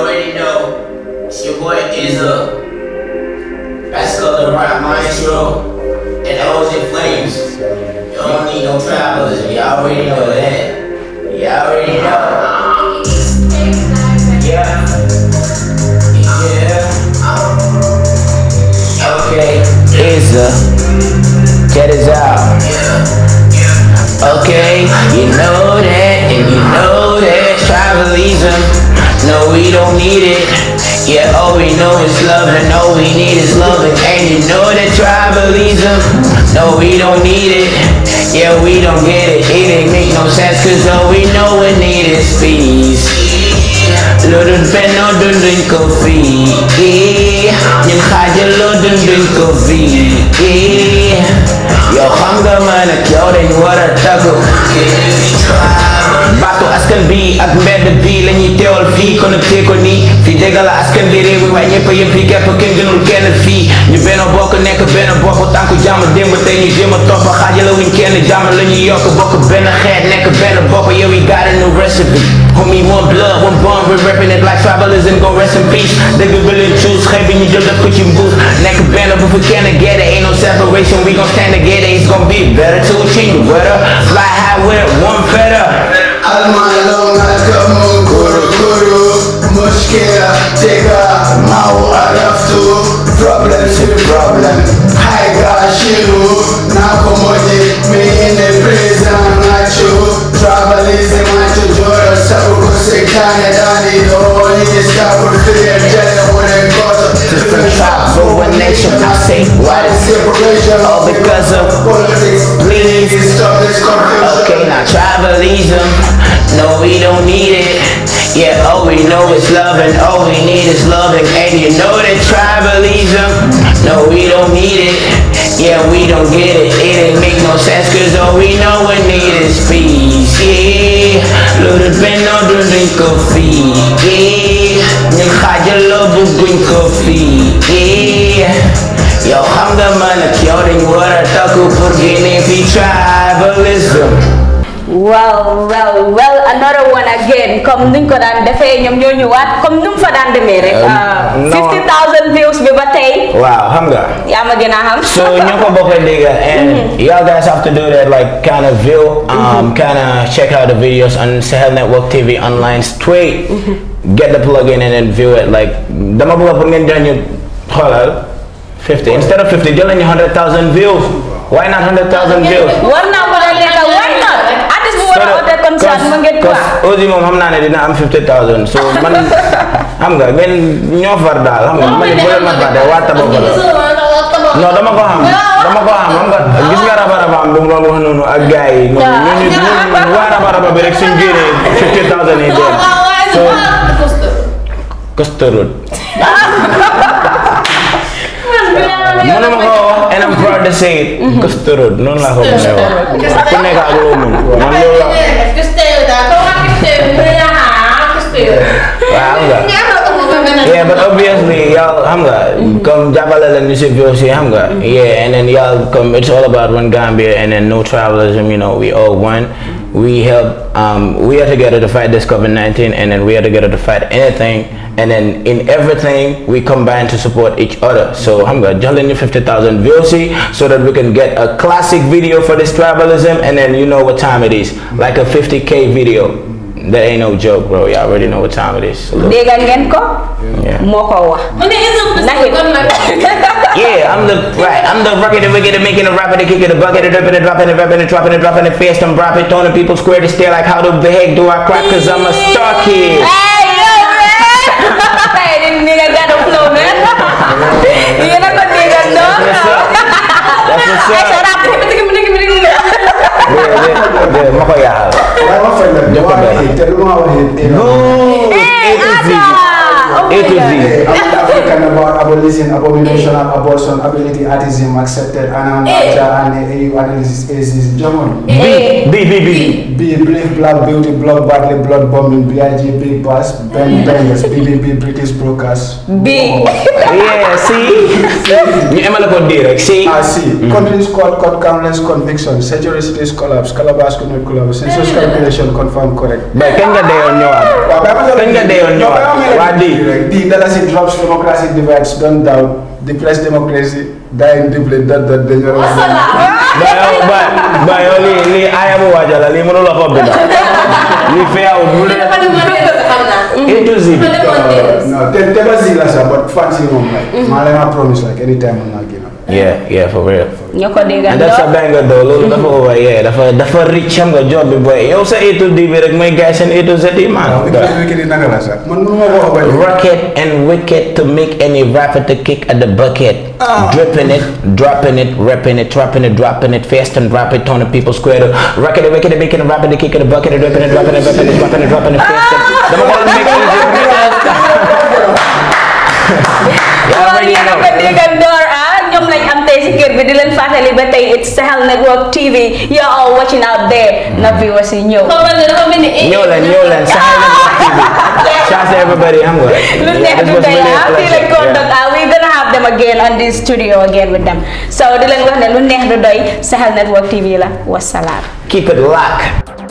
already know, it's your boy Izzo. Pascal the rap Maestro and in Flames. You don't need no travelers, you already know that. no, we don't need it. Yeah, all we know is love, and all we need is love. And you know that tribalism, no, we don't need it. Yeah, we don't get it. It ain't make no sense, cause all we know we need is peace. Lodun pen no dun drink coffee. Nim khaja lodun drink coffee. Your hunger man a curing what a taco. If you askan bi ak mbedd bi la ñuy teewal fii connecté ko nii fi déggal askan bi réew mi ñëpp yem fii képp kenn gënul kenn fii ñu benn bokk nekk benn bokk tànku jàmm démb tey ñu jéem a topp xaajale wuñ kenn jàmm la ñuy yokk bokk benn xeet nekk benn bopp yow yi got a new recipe homie one blood one bond we rapping it like travelers and go rest in peace dëgg ba leen choose xëy bi ñu jël def ko ci mbuus nekk benn bu fi kenn it. ain't no separation we gon' stand together it's gon' be better to the weather fly high with it mushkila tega mau araftu problem si problem haiga shiru na komoje mine preza nacho travel is a macho jora sabu kose kane dani holi iska kurfiye jale hore koto different tribes over nation I say what is separation all because of politics please stop this confusion can I tribalism? No, we don't need it. Yeah, all we know is love and all we need is loving. And you know that tribalism? No, we don't need it. Yeah, we don't get it. It ain't make no sense cause all we know we need is peace. Yeah, little bit no drink coffee. Yeah, nigga, you love drink coffee. Yo, hangamana kyoring wara taku purgini fi tribalism. Well, well, well another one again Come nuñ ko daan defee ñoom ñoo ñëwaat comme nu mu fa dan demee rek. Um, uh, 50000 views bi Wow, tey. waaw xam nga. yaa so ñoo ko bokk dégg and mhm. you all guys have to do that like kind of view. um, mhm. kind of check out the videos on Sahel Network TV online straight. Mhm. get the plug in and then view it like dama bëgg pour ngeen jox ñu 50 instead of 50 jël nañu 100000 views. why not 100000 views. war naa mën a lekk why not. artiste bu war a ote comme ça mu ngi quoi. aussi moom xam naa ne dina am 50000 so man xam nga ngeen ñoo far daal xam nga man it bële ma far de waa Tabax la. non dama ko xam dama ko xam xam nga gis nga rabaraba am bu ma wax noonu ak gars yi noonu ñooñu ñun waa rabaraba bi rek suñ génnee 50000 yi dem so. Costa Road. Muna mo ko, and I'm proud to say it, gusto mm-hmm. rin. Noon lang ako kunewa. Kuneka ako umun. Manlo lang. Gusto yun, ako nga gusto yun. Muna ha, gusto yun. Wow, Yeah, but obviously y'all hamga come Jabala and Yusuf Yoshi hamga. Yeah, and then y'all come it's all about one Gambia and then no travelism. you know, we all one we help um, we are together to fight this covid-19 and then we are together to fight anything and then in everything we combine to support each other so i'm gonna jump in 50000 vlc so that we can get a classic video for this tribalism and then you know what time it is like a 50k video that ain't no joke, bro. Y'all already know what time it is. Dégg ngeen ko. moo yeah, I'm the right. I'm the rugged and wicked and making a rapper, the kick it, the bucket, the dripping, the dropping, the rapping, the dropping, the dropping, the fast, I'm rapping, throwing people square to stare like how the heck do I crack? Cause I'm a star kid. A good African about abolition, abomination, and abortion, ability, artism, accepted, and culture, and BIG, big bass, Ben mm. Bangers, British brokers. B. Yeah, see? You am not D, right? See? Ah, see. Mm. Countries called court countless convictions, surgery calculation confirmed correct. But can get there on your ah. Can get there on your bii dalasi drops democracy divides don't doubt the press democracy dying deeply dot dot danger. ba yow ba i am lii lii ayamu waaja la lii mënul la ko bind. lii fee aw bu dee. inclusive. non te te ba si la sax but fan si moom la. promise like anytime mun naa yeah yeah for real That's a déggal dafa benga doo loolu dafa over yeah that's dafa rich xam nga job bi boy yow say A to D bi rek mooy gaay seen A to Z man rocket and wicked to make any rapper to kick at the bucket ah. dripping it dropping it repping it trapping it dropping it fast and rapid turn the people square rocket and wicked to make any rapper to kick at the bucket dripping it dropping it rapping it dropping it dropping it fast dama ah. ko make fàttali ba tey it's Sahel Network TV you are all watching out there mm. na viewers yi ñëw. ñëw len ñëw leen Sahel Network TV. Shout everybody am nga. lu neex du tey ah fii lañ ko dog ah we gonna have them again on this studio again with them so di leen wax ne lu neex du doy Network TV la wasalaam. keep it locked.